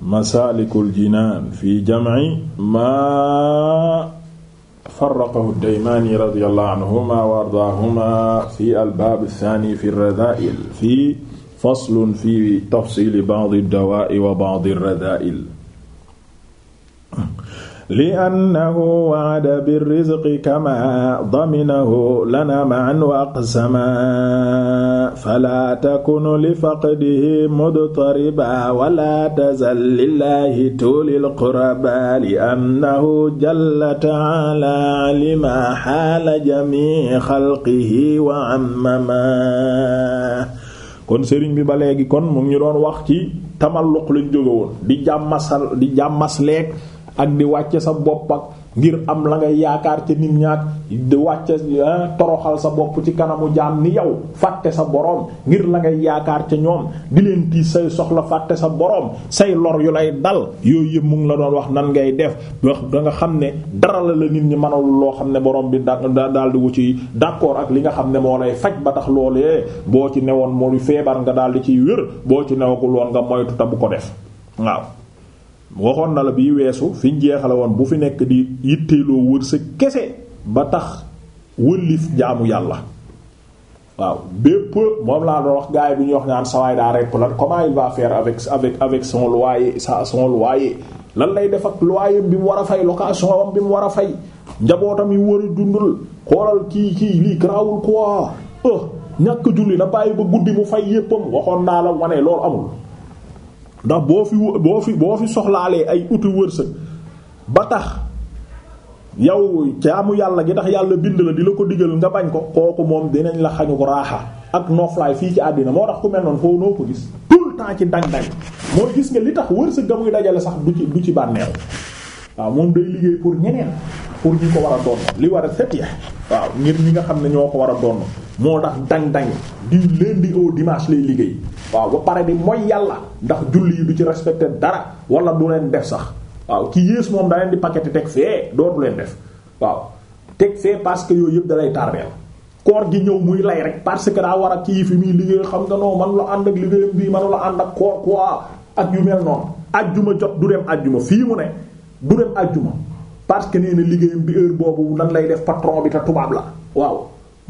masaalikul jinaan fi jam'i maa farraqahu ad-Daymaani radiyallahu anhumaa wa ardaahumaa fi al-baab ath-thaani fi ar-radaa'il fi faslun fi tafsiili ba'di ad-dawaa'i wa ba'di ar-radaa'il li annahu wa'ada bir-rizqi kama daminahu lana ma'an wa aqsama fala takun li faqdihi mudtariba wala tazal lillahi tulil quraba li annahu jalla ta'ala alima haala jami xalqihi wa ammama kon sëriñ bi ba léegi kon mu ngi ñu doon wax ci tamalluq lañ jóge woon di jàmmasal di jàmmas leeg ak di wàcce sa bopp ak ngir am la ngay yaakaar ca nit ñaak di wàcce eh, toroxal sa bopp ci kanamu jaan ni yow fàtte sa boroom ngir la ngay yaakaar ca ñoom di leen tiis say soxla fàtte sa boroom say lor yu lay dal yooyu yëpp mu ngi la doon wax nan ngay def wax da xam ne dara la la nit ñi mënalul loo xam ne boroom bi da daal di wu ci d'accord ak li nga xam ne moo lay faj ba tax loolee boo ci newoon moo lu feebar nga daal di ciy wér boo ci newagul woon nga moytu ta ko def waxoon na la bii weesu fi ñu jeexale woon bu fi nekk di yitteeloo wër sa kese ba tax wëllif jaamu yàlla waaw bépp moom laa doon wax gars yi bu ñuy wax naan sawaay daa repp lan comment il sa son loyer lan lay def ak loyer bi mu war a fay location bi mu war a fay njabootam yi war a dundal xoolal kii kii lii garaawul quoi ah ñàkk julli na bàyyi ba guddi mu fay yéppam waxoon naa la wane loolu amul ndax boo fi boo fi boo fi soxlaalee ay uti wërsëg ba tax yow jaamu yàlla gi tax yàlla bind la di la ko digal nga bañ ko kooku moom dinañ la xañu ko raaxa ak noflaay fii ci àddina moo tax ku mel noonu foofu noo ko gis tout le temps ci ndang-ndang moo gis nga li tax wërsëg ga muy dajale sax du ci du ci bànneew waaw moom day liggéey pour ñeneen pour ñu ko war a doon li war a set waaw ngir ñi nga xam ne ñoo ko war a doon moo tax dang-dang di lundi au dimanche lay liggéey waaw ba pare bi mooy yàlla ndax julli yi du ci respecté dara wala du leen def sax waaw ki yéesu moom da leen di paqueté teg fee dootu leen def waaw teg fee parce que yooyu yëpp dalay tardeel koor gi ñëw muy lay rek parce que daa war a kii fi muy liggéey xam nga non man la ànd ak liggéeyam bii man la ànd ak koor quoi ak yu mel noonu ajjuma jot du dem ajjuma fii mu ne du dem parce que nee na liggéeyam bi heure boobu nan lay def patron bi te tubaab la waaw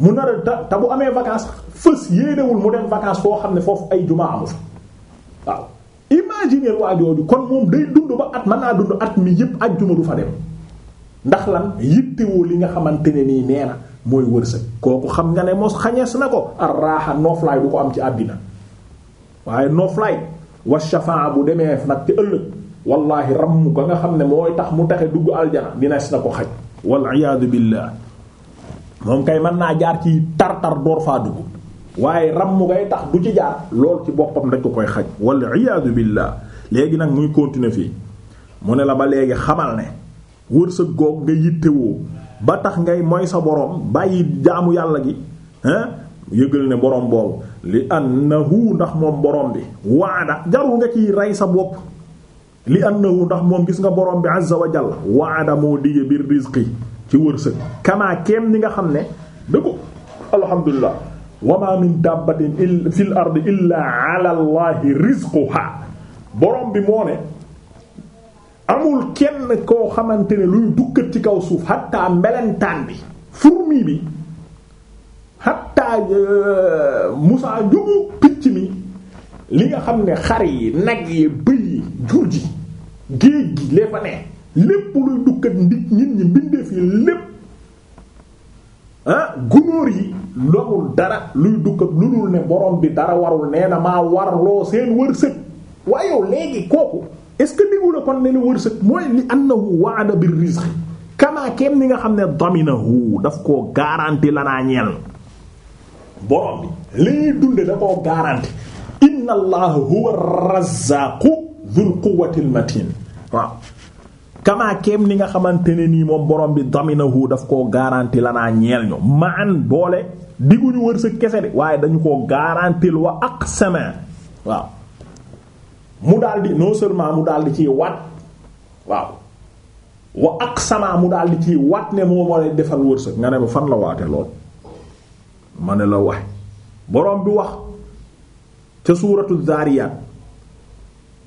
mu nar a te bu amee vacances fës yéenewul mu dem vacances foo xam ne foofu ay juma amu fa waaw imaginer waa jooju kon moom day dund ba at mën naa dund at mi yëpp ajjuma du fa dem ndax lan yittewoo li nga xamante ne nii nee na mooy wërsëg kooku xam nga ne mos xañees na ko ar raaxa nooflaay du ko am ci àddina waaye nooflaay wa shafaa bu demee nag ci ëllëg wallahi ramm ga nga xam ne mooy tax mu taxe dugg aljana dines na ko xaj wal iyaadu billah moom kay man naa jaar ci tartar door faa dugg waaye ramm ngay tax du ci jaar lool ci boppam dañ ko koy xaj wal iyaadu billah léegi nag muy continuer fii mu ne la ba léegi xamal ne wërsëg goog nga yittewoo ba tax ngay moy sa boroom bàyyi jaamu yàlla gi hein yëgal ne boroom boobu li annahu ndax moom boroom bi waada jarul nga ciy rey sa bopp li annahu ndax moom gis nga borom bi azza wa jalla waada moo dige biir rizqi ci wërsëg kamaa keem ni nga xam ne da ko alhamdulilah wa ma min dabbatin fil ardi illa ala allahi rizquha borom bi moo ne amul kenn koo xamante ne luy dukkat ci kaw suuf hatta mbelentaan bi fourmi bi hatta euh, musaa njugu picc mi li nga xam ne xar yi nag yi bëy yi jur ji géej gi lee fa ne lépp luy dukkat ndig nit ñi mbindeef yi lépp ah gunóor yi lowul dara luy dukkat lu dul ne borom bi dara warul nee na maa warloo seen wërsëg waaye yow léegi kooku est-ce que diggu la kon ne la wërsëg mooy li annahu wa'ada bir rizq kamaa ni nga xam ne daminahu daf koo garanti la naa ñeel borom bi li dunde da koo garanti inna allaha huwa razzaqu dhul quwwatil matin waaw kamaa ni nga xamante ne nii moom borom bi daminahu daf koo garanti la naa ñeel ñu maan boole diguñu wër sa kese de waaye dañu koo garantil wa aqsama waaw mu daldi non seulement mu daldi ciy waat waaw wa aqsama mu daldi ciy wat ne moo moo lay defal wërsëg nga ne ma fan la waate lool ma ne la wax boroom bi wax ca suuratu zaariyaat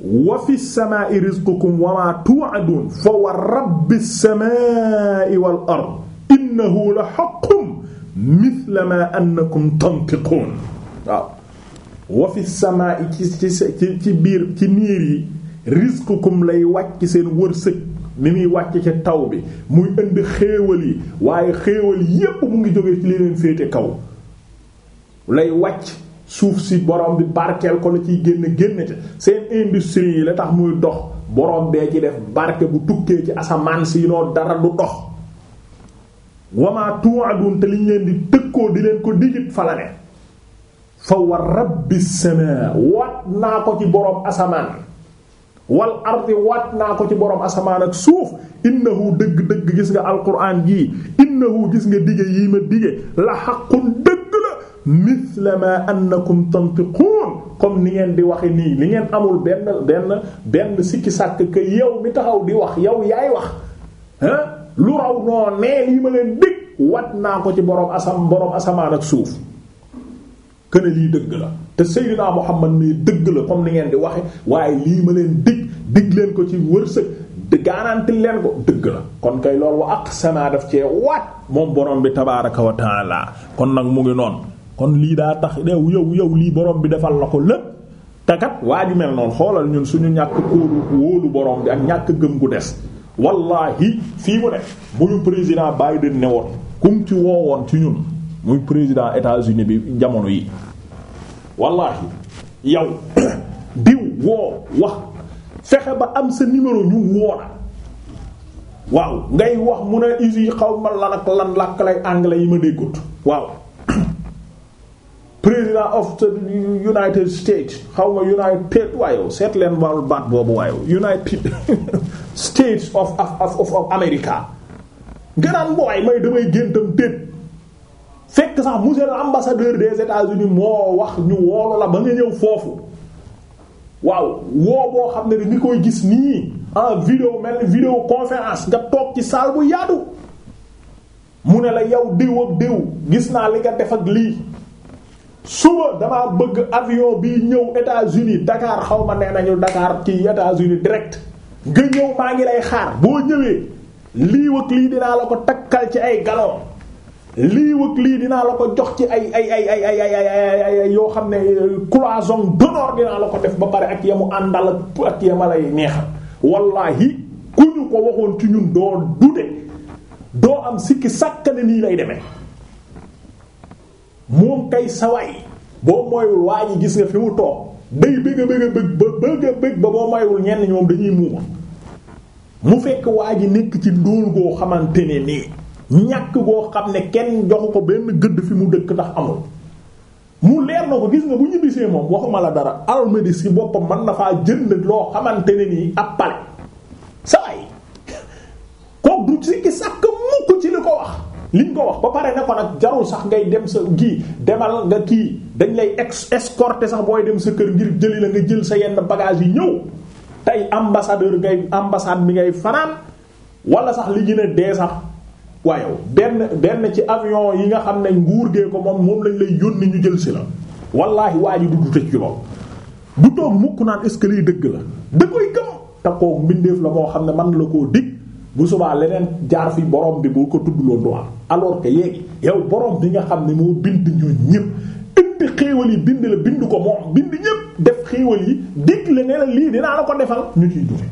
wa fi samaa'i rizqukum wa maa tu'aduun fa wa rabbi samaa'i wal ard innahu la haqqun mithla maa annakum tantiquun waaw wa fi samaa'i ci ci ci biir ci niir yi rizqukum lay wàcc seen wërsëg ni muy wàcc ca taw bi muy indi xéewal yi waaye xéewal yépp mu ngi jóge ci li leen féete kaw lay wàcc suuf si boroom bi barkeel ko la ciy génn génn ca seen industrie yi la tax muy dox boroom bee ci def barke bu tukkee ci asamaan si noo dara du dox wamaa tu'adun te liñ leen di tëkkoo di leen ko digit fala ne fa wa rabbi samaa waat naa ko ci borom asamaan wal ardi waat naa ko ci boroom asamaan ak suuf innahu dëgg dëgg gis nga alquran jii innahu gis nga dige yi ma dige la xaqun misla ma annakum tantiqun comme ni ngeen di waxe nii li ngeen amul benn benn benn sikki sàkk que yow mi taxaw di wax yow yaay wax ah lu raw noo nee lii ma leen dégg wat naa ko ci borom asam borom asamaan ak suuf këne lii dëgg la te Seydina Muhammad mii dëgg la comme ni ngeen di waxe waaye lii ma leen dig dig leen ko ci wërsëg di garanti leen ko dëgg la kon kay loolu ak aqsama daf cee waat moom borom bi tabaaraka wa taala kon nag mu ngi noonu kon lii daa tax yow yow yow lii borom bi defal la ko lépp te kat waa ju mel noonu xoolal ñun suñu ñàkk kóolu wóolu borom bi ak ñàkk gëm gu des wallahi fii mu ne bu ñu président Biden ne woon kum ci woowoon ci ñun muy président États-Unis bi jamono yi wallahi yow diw woo wax fexe ba am sa numéro ñu woona waaw ngay wax mu ne usi xaw ma lan ak lan làkk lay anglais yi ma déggut waaw président of the United States xaw ma United waayow seet leen warul baat boobu waayow United States of of of of America gënaan booy may damay géntam déet fekk sax monsieur l'ambassadeur des États-Unis moo wax ñu woolu la ba nga ñëw foofu waaw woo boo xam ne ni koy gis nii en vidéo mel ni vidéo conférence nga toog ci salle bu yaatu mu ne la yow diw ak diw gis naa li nga def ak lii suba damaa bëgg avion bi ñëw États-Unis Dakar xaw ma nee nañu Dakar ci États-Unis direct nga ñëw maa ngi lay xaar boo ñëwee lii wëkk lii dinaa la ko takkal ci ay galon lii wëkk lii dinaa la ko jox ci ay ay ay ay ay ay yoo xam ne euh, cloison d'honneur dinaa la ko def ba pare ak yamu àndal ak yama lay neexal wallahi ku ñu ko waxoon ci ñun doo dude doo am sikki sàkk ne nii lay demee moom kay sawaay boo moywul waa ji gis nga fi mu toog day bëgg a bëgg ba bëgg a bëgg ba boo moywul ñenn ñoom dañuy muuma mu fekk waa ji nekk ci ndóol goo xamante ne nii ñàkk goo xam ne kenn joxu ko benn gëdd fi mu dëkk ndax amul mu leer na ko gis nga bu ñu bisee moom waxuma la dara almadi si boppam mën na faa jënd loo xamante ne nii ab pale saway kook du sikki sàkk mukk ci li ko wax liñ ko wax ba pare ne ko nag jarul sax ngay dem sa kii demal nga kii dañ lay ex escorter sax booy dem sa kër ngir jëli la nga jël sa yenn bagage yi ñëw tey ambassadeur ngay ambassade bi ngay fanaan wala sax li gën a dee sax waaye benn benn ci avion yi nga xam ne nguur gee ko moom moom lañ lay yónni ñu jël si la wallaahi waa ji du du tëj ci lool du toog mukk naan est-ce que lii dëgg la da koy gëm te kooku mbindeef la moo xam ne man la koo dig bu subaa leneen jaar fi boroom bi bu ko tudd loolu am alors que yeegi yow borom bi nga xam ne moo bind ñu ñëpp indi xéewal yi bind la bind ko moom bind ñëpp def xéewal yi digle ne la lii dinaa la ko defal ñu ciy dufe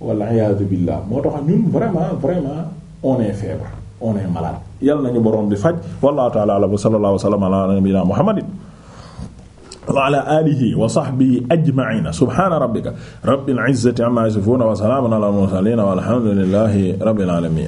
walla iyaatu billaah moo tax ñun vraiment vraiment on est faible on yal nañu borom bi faj wallahu ta'ala wa sallallahu wa muhammadin wa ala alihi wa sahbihi ajma'ina subhana rabbika rabbil izzati amma yasifun wa salamun ala al mursalin walhamdulillahi rabbil alamin